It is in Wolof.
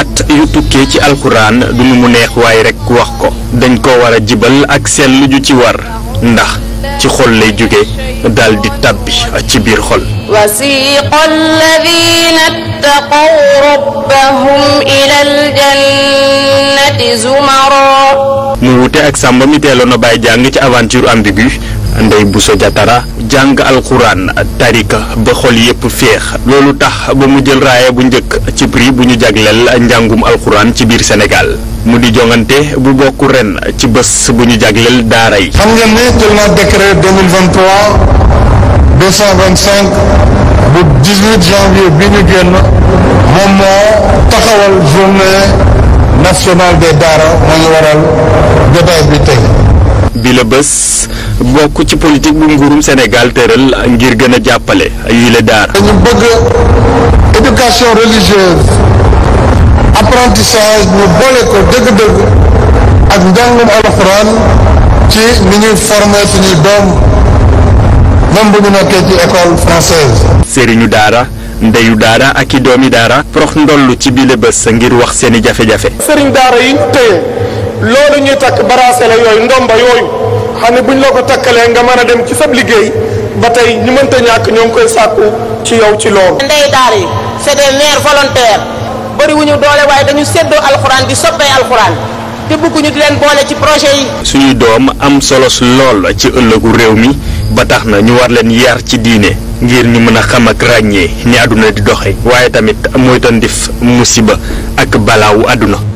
xalaat yu tukkee ci alxuraan du nu mu neex waaye rekk wax ko dañ ko war a jibal ak seen lu ci war ndax ci xool lay jóge daldi di tàbbi ci biir xol wasiqa alladina ttaqaw rabbahum ila aljannati zumara mu wute ak sàmba mi teeloon a Ndeye Bousso Diatara jàng alxuraan tarika ba xol yépp féex loolu tax ba mu jël raaya bu njëkk ci prix bu ñu jagleel njàngum alxuraan ci biir Sénégal mu di jongante bu bokk ren ci bës bu ñu jagleel daara yi. xam ngeen ne jël naa décret 2023 225 bu janvier bi ñu génn moom moo taxawal journée nationale des daara moo waral jotaay bi tey. bi la bés. bokk ci politique bu nguurum Sénégal tëral ngir gën a jàppale yi la daara. ñu bëgg éducation religieuse apprentissage ñu boole ko dëgg-dëgg ak njàngum alxuraan ci ni ñuy former suñuy doom même bu ñu ci école française. sëriñu daara. ndeyu daara ak i doomi daara prox ndollu ci bile bés ngir wax seeni i jafe-jafe sëriñ daara yi téye loolu ñuy takk baraase yooyu ndomba yooyu xam ne bu ñu la ko takkalee nga mën a dem ci sab liggéey ba tey ñu mënta ñàkk ñoo ngi koy sàkku ci yow ci loolu. ndey daal yi c'est des mères volontaires doole waaye dañu séddoo alxuraan di soppee alxuraan te bëgguñu di leen boole ci projet yi. suñuy doom am solo lool ci ëllëgu réew mi ba tax na ñu war leen yar ci diine ngir ñu mën a xam ak ràññee ni àdduna di doxe waaye tamit moytandif musiba ak balaawu àdduna.